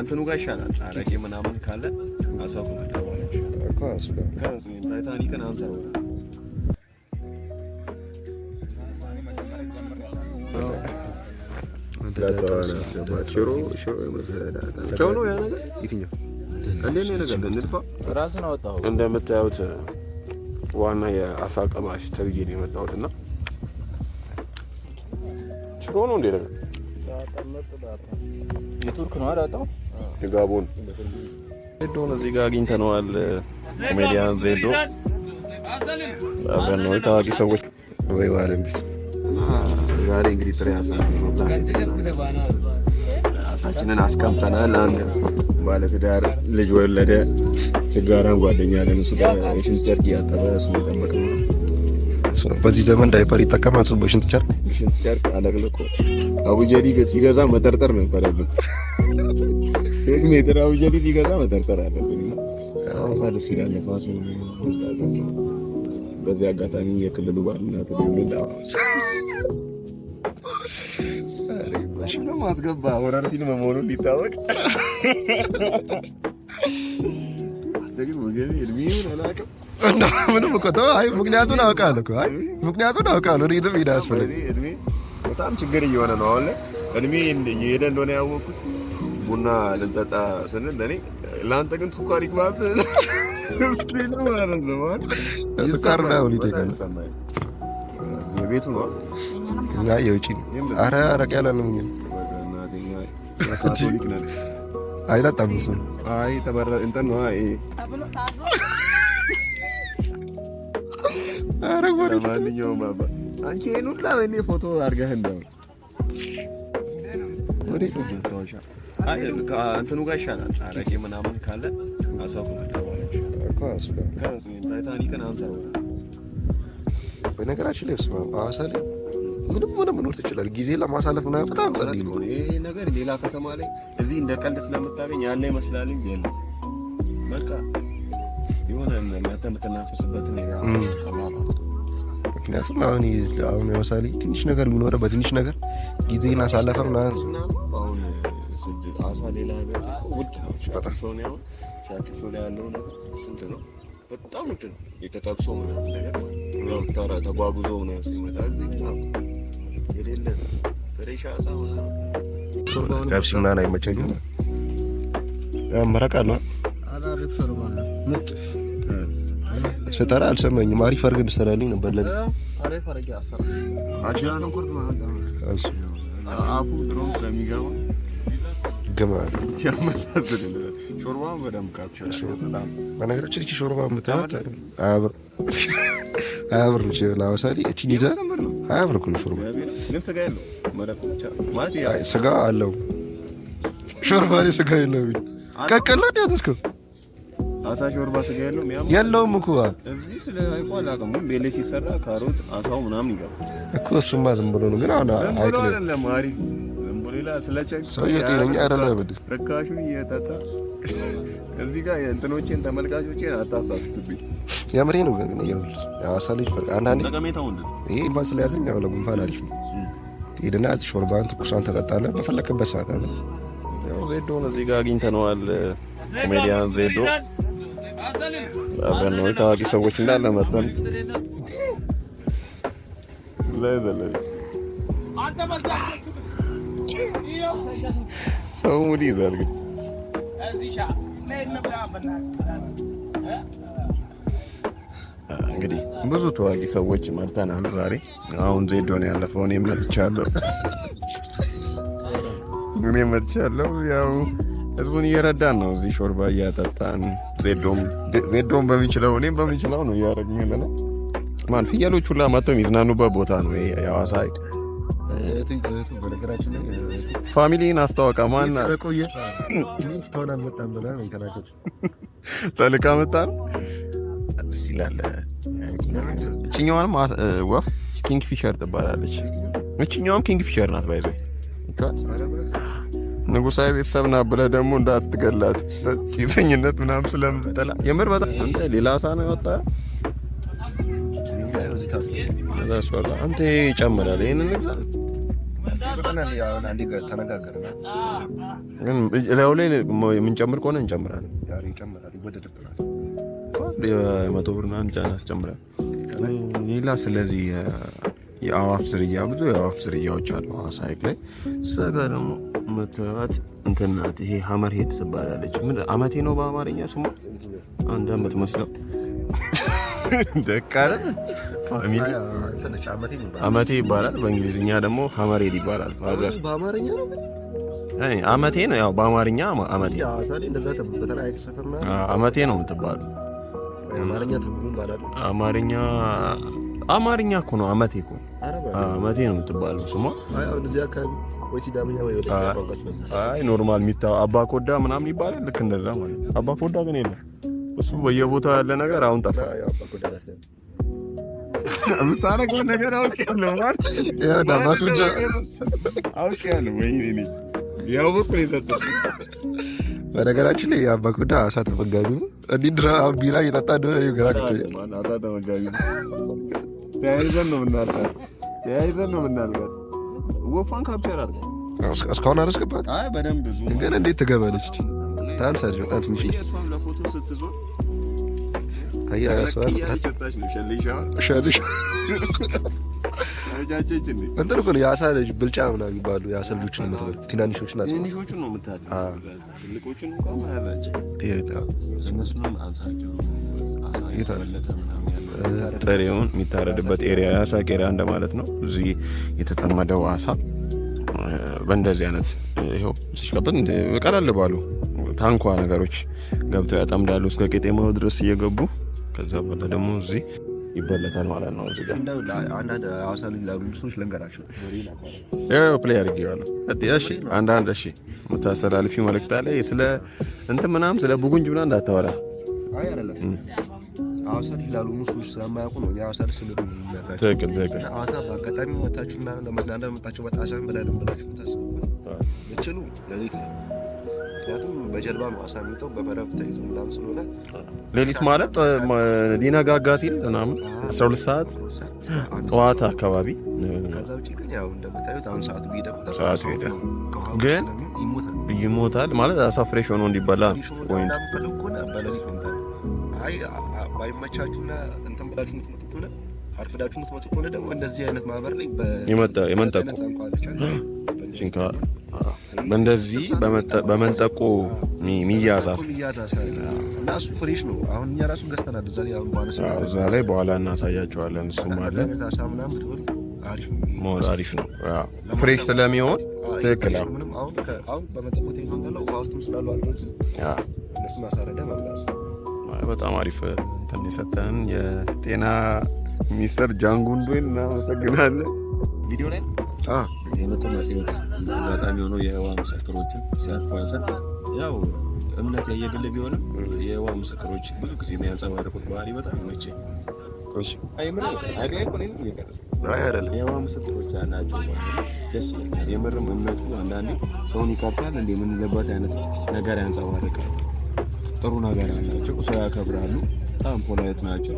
እንትኑ ጋር ይሻላል። አረቄ ምናምን ካለ ሀሳቡ ታይታኒክን ቸው ነው ያ ነገር የትኛው እንደምታዩት ዋና የአሳ ቀማሽ ተብዬ ነው የመጣሁት እና ችሮ ነው እንዴ ነገር የቱርክ ነው አላጣው የጋቦን ዜዶን እዚህ ጋር አግኝተነዋል። ኮሜዲያን ዜዶ አብረን ነው ታዋቂ ሰዎች ወይ ባለም ቢት ዛሬ እንግዲህ ጥሬ ራሳችንን አስቀምጠናል። አንድ ባለትዳር ልጅ ወለደ ችጋራን ጓደኛ ለምሱ የሽንት ጨርቅ እያጠበ እሱ የጠበቀ ነው። በዚህ ዘመን ዳይፐር ይጠቀማል ሰው በሽንት ጨርቅ በሽንት ጨርቅ አለቅልቆ አቡጀዲ ሲገዛ መጠርጠር ነበረብን። ሶስት ሜትር አቡጀዲ ሲገዛ መጠርጠር አለብን። ፋሳ ደስ ይላል። ፋሱ በዚህ አጋጣሚ የክልሉ ባልና ትልል አስገባ ሆረር ፊልም መሆኑን ሊታወቅ ምንም እኮ ተው። አይ ምክንያቱን አውቃለሁ። አይ ምክንያቱን አውቃለሁ። በጣም ችግር እየሆነ ነው። አሁን ላይ እድሜ እየሄደ እንደሆነ ያወቅኩት ቡና ልንጠጣ ስንል ለእኔ ለአንተ ግን ስኳር ይግባብ ስኳር ነው። ስኳር ና ሁን ይጠቃል የቤቱ ነው እና የውጭ አረ አረቅ ያላለም አይጠጣም እሱ አይ ተበረ እንትን ነው አይ አረ አባ አንቺ ይሄን ሁላ በእኔ ፎቶ አድርገህ እንደው ወደ ጽሁፍ መታወሻ እንትኑ ጋር ይሻላል። አረቄ ምናምን ካለ ሀሳቡ ታይታኒክን አንሳ። በነገራችን ላይ ስማ፣ ሐዋሳ ላይ ምንም ሆነ መኖር ትችላል። ጊዜ ለማሳለፍ ምናምን በጣም ጸድ ነው ይሄ ነገር። ሌላ ከተማ ላይ እዚህ እንደ ቀልድ ስለምታገኝ ያለ ይመስላልኝ ያለ በቃ የሆነ የምትናፈስበትን ምክንያቱም አሁን አሁን ለምሳሌ ትንሽ ነገር ቢኖረ በትንሽ ነገር ጊዜን አሳለፈ ጠብሲ ምናምን አይመቸኝም። መረቃ አለ ምርጥ ስጠራ አልሰማኝም። አሪፍ አድርገን እንሰራልኝ ነበር ለኔ በነገራችን እቺ ሾርባ ምትት ሀያ ብር ነች። ለአዋሳሌ እቺን ይዛ አብር ብር ነው ሾርባ። ስጋ አለው ሾርባ፣ ስጋ የለውም። ቀቀላ ዳትስከው አሳ ሾርባ ስጋ ያለው የለውም እኮ እዚህ ስለ አይቆ አላውቅም፣ ግን ቤሌ ሲሰራ ካሮት አሳው ምናምን ይገባል እኮ። እሱማ ዝም ብሎ ነው፣ ግን አሁን አይደለም አሪፍ ዝም ብሎ ሌላ ስለ ጨቅ ሰው የጤነኛ አይደለም። ብድ ርካሹን እየጠጣ እዚህ ጋር የእንትኖቼን ተመልካቾቼን አታሳስትብኝ። የምሬ ነው። ግን ይኸውልህ አሳ ልጅ በቃ አንዳንዴ ጠቀሜታው ይሄ ጉንፋን ስለያዘኝ ያው ለጉንፋን አሪፍ ነው። ሄድና ሾርባን ትኩሷን ተጠጣለህ በፈለክበት ሰዓት ነው። ዜዶን እዚህ ጋር አግኝተነዋል። ኮሜዲያን ዜዶ አብረን ነው ታዋቂ ሰዎች እንዳለ መጠን ሰው ሙድ ይዛል ግን እንግዲህ ብዙ ታዋቂ ሰዎች መጥተናል ዛሬ። አሁን ዜዶን ያለፈው እኔ መጥቻለሁ፣ እኔ መጥቻለሁ። ያው ህዝቡን እየረዳን ነው፣ እዚህ ሾርባ እያጠጣን ዜዶም በሚችለው እኔም በሚችለው ነው እያደረግን ያለ ነው። ማን ፍየሎች ሁላ መጥተው የሚዝናኑበት ቦታ ነው የሐዋሳ ሐይቅ። ፋሚሊን አስተዋወቀ ማን ተልካ መጣ ነው ደስ ይላል። እችኛዋንም ወፍ ኪንግ ፊሸር ትባላለች። እችኛዋም ኪንግ ፊሸር ናት ባይዘ ንጉሳዊ ቤተሰብ ና ብለህ ደግሞ እንዳትገላት ጭሰኝነት ምናምን ስለምትጠላ የምር በጣም አንተ ሌላ ሳ ነው የወጣ አንተ ይጨምራል። ይህንን ላዩ ላይ የምንጨምር ከሆነ እንጨምራለን። መቶ ብር አስጨምራል። ሌላ ስለዚህ የአዋፍ ዝርያ ብዙ የአዋፍ ዝርያዎች አሉ ሀሳይክ ላይ ሰጋ ደግሞ የምትባት እንትን ይሄ ሀመር ሄድ ትባላለች። ምን አመቴ ነው በአማርኛ ስሟ። አንተ የምትመስለው ደቃለ ፋሚሊ አመቴ ይባላል። በእንግሊዝኛ ደግሞ ሀመር ሄድ ይባላል። ፋዘር አመቴ ነው ያው በአማርኛ አመቴ ነው የምትባለው። አማርኛ አማርኛ እኮ ነው አመቴ እኮ አመቴ ነው የምትባለው ስሟ ወይ ሲዳምኛ ወይ ወደ ቋንቋ አይ ኖርማል ሚታ አባ ኮዳ ምናምን ይባላል። ልክ እንደዛ ማለት አባ ኮዳ ግን የለም። እሱ በየቦታው ያለ ነገር አሁን ጠፋ። የምታረገው ነገር አውቄያለሁ ማለት አባ ኮዳ አውቄያለሁ። ወይኔ ያው በኩል የሰጠው በነገራችን ላይ የአባ ኮዳ አሳ ተመጋቢ እንዲህ ድራ ቢራ እየጠጣ እንደሆነ ግራ ተያይዘን ነው ምናልባት ተያይዘን ነው ምናልባት ወፏን ካፕቸር አድርገን እስካሁን አላስገባት። አይ በደንብ ብዙ ግን እንዴት ትገባለች? ታንሳች በጣም ትንሽ ለፎቶ ስትዞር እንትን እኮ ነው የአሳ ልጅ ብልጫ ምናምን የሚባሉ የአሳ ልጆችን የምትበል ትናንሾችን ነው ጥሬውን የሚታረድበት ኤሪያ የአሳ ቄራ እንደማለት ነው። እዚህ የተጠመደው አሳ በእንደዚህ አይነት ይኸው ቀለል ባሉ ታንኳ ነገሮች ገብተው ያጠምዳሉ እስከ ቄጤማው ድረስ እየገቡ ከዛ በኋላ ደግሞ እዚህ ይበለታል ማለት ነው። እዚህ ጋር አድርጌዋለሁ። እሺ አንዳንድ እሺ የምታስተላልፊው መልእክት አለ ስለ እንትን ምናምን ስለ ቡጉንጅ ምናምን እንዳታወራ አዋሳ ልጅ ላልሆኑ ሰዎች ስለማያውቁ ነው የአዋሳ ልጅ ስል ትክክል ትክክል። አዋሳ በአጋጣሚ መታችሁ እና ለመዝናና መጣችሁ በጣሰን በላይ ልንበላችሁ ታስቡ ብችሉ ለሌት ነው። ምክንያቱም በጀልባ ነው አሳ የሚጠው በመረብ ተይዞ ምናምን ስለሆነ ሌሊት ማለት ሊነጋጋ ሲል ምናምን አስራ ሁለት ሰዓት ጠዋት አካባቢ ከዛ ውጭ ግን ያው እንደምታዩት አሁን ሰዓቱ ሰዓቱ ሄደ ግን ይሞታል ማለት አሳ ፍሬሽ ሆኖ እንዲበላ ወይ የማይመቻችሁና እንትን ብላችሁ የምትመጡ ከሆነ አርፍዳችሁ የምትመጡ ከሆነ ደግሞ እንደዚህ አይነት ማህበር ላይ የመንጠቁ እንደዚህ በመንጠቁ ሚያዛዝ እና እሱ ፍሬሽ ነው። አሁን እኛ ራሱ ገዝተናል። እዛ ላይ በኋላ እናሳያቸዋለን። እሱም አለ ሞር አሪፍ ነው ፍሬሽ ስለሚሆን ትክክል። በጣም አሪፍ እናንተን የሰጠን የጤና ሚኒስተር ጃንጉንዶን እናመሰግናለን። ቪዲዮ ላይ የመቶ መጽሔት አጋጣሚ ሆኖ የህዋ ምስክሮችን ሲያልፉ አይተን ያው እምነት የየግል ቢሆንም የህዋ ምስክሮች ብዙ ጊዜ የሚያንጸባርቁት ባህሪ በጣም መቼ ምስክሮች ያላቸው ደስ የምርም እምነቱ አንዳንዴ ሰውን ይቀርሳል አይነት ነገር ያንጸባርቃል። ጥሩ ነገር አላቸው፣ ሰው ያከብራሉ። በጣም ፖላይት ናቸው።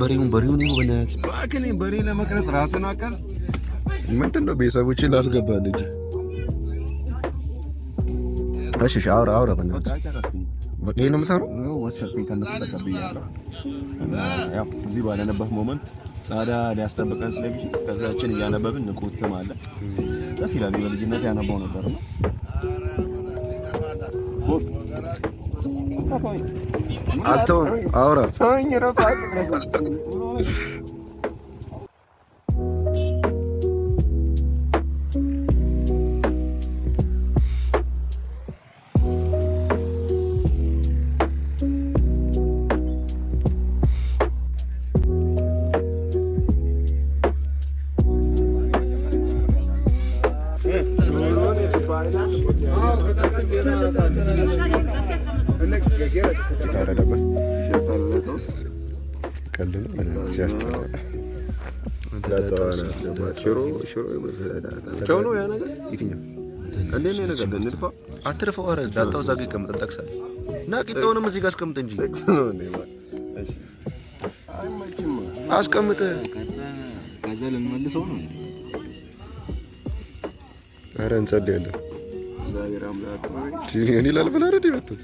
በሬውን በሬውን ይሁ በነት ባክኔ በሬ ለመቅረጽ ራስን አቀርጽ ምንድን ነው ቤተሰቦችን ላስገባል እንጂ እሺ፣ እሺ፣ አውራ አውራ በነት ይህ ነው ምታሩ ወሰድኩኝ ከነሱ ተቀብያለሁ። ያው እዚህ ባለንበት ሞመንት ጻዳ ሊያስጠብቀን ስለሚችል እስከዛችን እያነበብን ንቁትም አለ ደስ ይላል። በልጅነት ያነባው ነበር ነው Артем, Аура. Той не работает. ሽሮ ሽሮ ጨው ነው ያ ነገር። የትኛው እንዴ ነው ነገር? ንድፋ አትርፈው። አረ ዳጣው እዛ ጋር ይቀመጥ እና ቂጣውንም እዚህ ጋር አስቀምጥ እንጂ አስቀምጥ። ከዛ ልንመልሰው ነው። ኧረ እንጸልያለን። እኔ ላልፍ ላረድ ይመጡት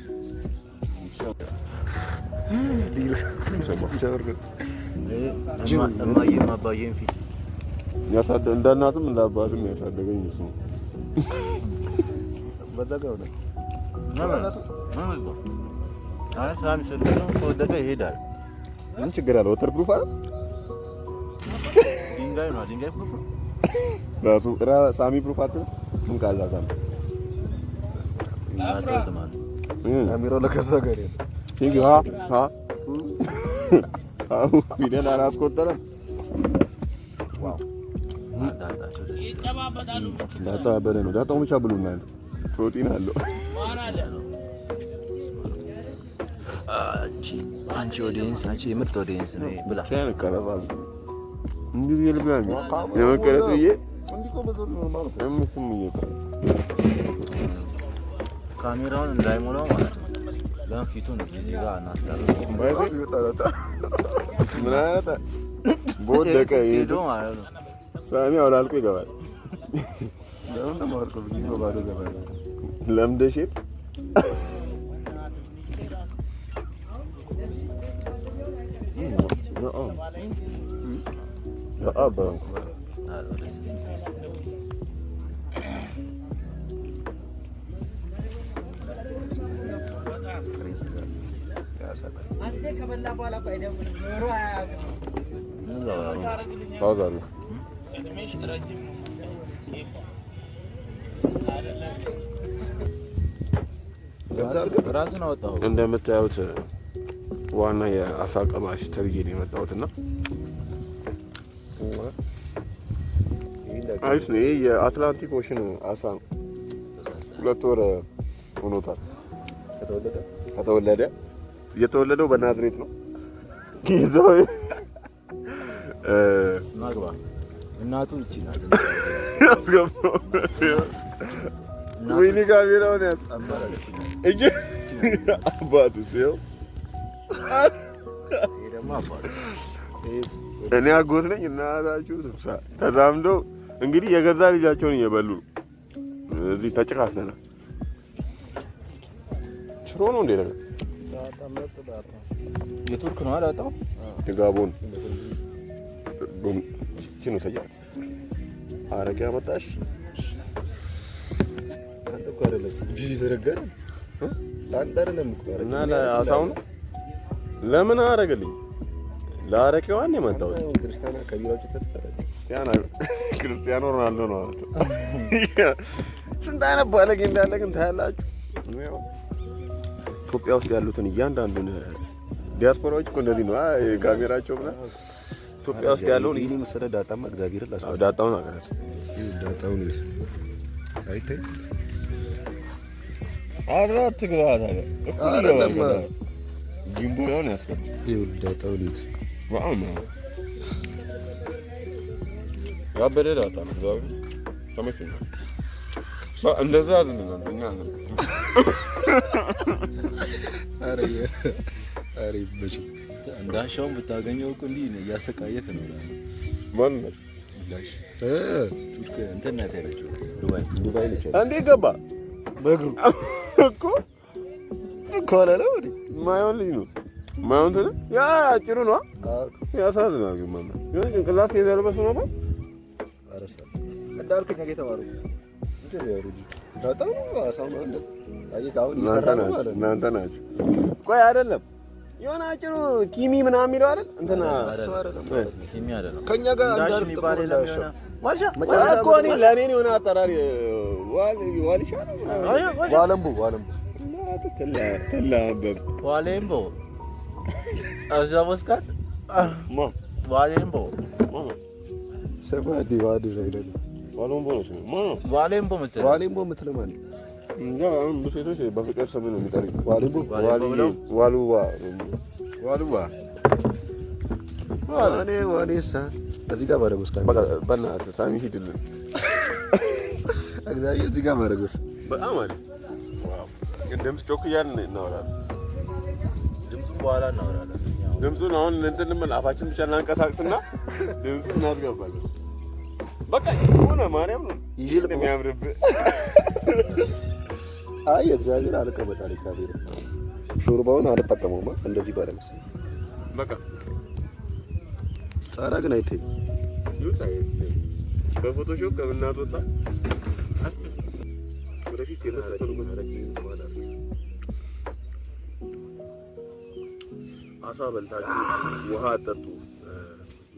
እማዬም አባዬም ፊት እንደ እናትም እንደ አባትም ያሳደገኝ እሱ ነው። ከወደቀ ነው ምን ችግር አለ? ወተር ፕሩፍ አይደል? ድንጋይ ነው። ራሱ ሳሚ ፕሩፍ አትልም። እንቃላ ሳሚ ዳጣ በለ ነው። ዳጣውን ብቻ ብሉ ፕሮቲን አለው። አንቺ ኦዲየንስ፣ አንቺ የምርጥ ኦዲየንስ ነው። ብላ ካሜራውን እንዳይሞላው ማለት ነው። ለምን ፊቱን እዚህ ጋር እናስቀርበው? ምን አያጣ ቦደቀ ይዞ ማለት ነው ሳሚ አውላልቆ ይገባል። ለምን ነው ማወርቆ ብኝ በባዶ ገባል። ለምደሽ አንተ ከበላ በኋላ ትንሽ ረጅም እንደምታዩት ዋና የአሳ ቀማሽ ተብዬ ነው የመጣሁት እና አይስ ነው። ይሄ የአትላንቲክ ኦሽን አሳ ነው። ሁለት ወር ሆኖታል ከተወለደ። የተወለደው በናዝሬት ነው። እናቱ ይቺ ናት። ወይኔ ካሜራውን ያዝ። አባቱ ሲው እኔ አጎት ነኝ። እናታችሁ ስብሳ ተዛምደው እንግዲህ የገዛ ልጃቸውን እየበሉ ነው። እዚህ ተጭቃትነናል። ሽሮ ነው እንዴ ነገር የቱርክ ነው አላጣው ጋቦን ይህን ውሰጃት። አረቄ አመጣሽ እኮ ለምን አደረገልኝ? የመጣሁት። ክርስቲያኖ ሮናልዶ ነው አለ። ስንት አይነት ባለጌ እንዳለ ግን ታያላችሁ። ኢትዮጵያ ውስጥ ያሉትን እያንዳንዱን ዲያስፖራዎች እኮ እንደዚህ ነው ካሜራቸው ምናምን ኢትዮጵያ ውስጥ ያለውን ይሄን መሰለ ዳጣማ እግዚአብሔርን ላስበው ዳጣውን አቀረጽ ዳጣውን አይተህ አራት ግራ ነገር ግንቡ ያውን ያስቀር ዳጣውን ይት ዋው ያበደ ዳጣ ነው ዛሬ ተመችኝ እንደዛ አዝነናል እኛ ነን አረ አረ ይበሽ እንዳሻውን ብታገኘው እኮ እንዲህ እያሰቃየት ነው። ማን ነው እንትን ናት ያለችው? ዱባይ ነች። እንዴት ገባ በእግሩ እኮ ከሆነ ነው ማየውን ልጅ ነው ማየውን እንትን ያ አጭሩ ነው። ያሳዝናል። ግን ማነው የሆነ ጭንቅላት የዘለበሱ ነው እንዳልከኝ የተባሉ እናንተ ናችሁ። ቆይ አይደለም የሆነ አጭሩ ኪሚ ምናምን የሚለው አይደል? እንትና ኪሚ አይደለም ከኛ ጋር እንዳልፍ የሚባል የለም። የሆነ ዋልሻ እኮ እኔ ለእኔ የሆነ አጠራሪ ዋልሻ ነው ዋለምቦ ዋለምቦ ትላበብ ዋሌምቦ እዛ መስካት ዋሌምቦ ሰማ ዲቫዲ ላይ ደግሞ ዋለምቦ ነው ዋሌምቦ ምትለ ዋሌምቦ ምትለ ማለት ብዙ ሴቶች በፍቅር ስም ነው የሚጠሩ። ዋሉዋ ዋሉዋ ዋኔሳ እዚህ ጋር ማድረጎስ በእናትህ ሳሚ ሂድልን። እግዚአብሔር እዚህ ጋር ማድረጎስ በጣም አለ። ድምፅ ጮክ እያልን እናወራለን። ድምፁን በኋላ እናወራለን። ድምፁን አሁን እንትን እንበል አፋችን ብቻ እናንቀሳቅስና ድምፁን እናስገባለን። በቃ ሆነ ማርያም ነው ይል የሚያምርብህ አይ እግዚአብሔር አልቀበጣል። እግዚአብሔር ሾርባውን አልጠቀመውማ እንደዚህ ባለ መሰለኝ። በቃ ጻራ ግን አይተኝ በፎቶሾፕ ወደፊት አሳ በልታችሁ ውሃ አጠጡ።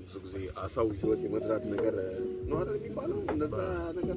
ብዙ ጊዜ አሳው ህይወት ነገር ነው አይደል የሚባለው እንደዛ ነገር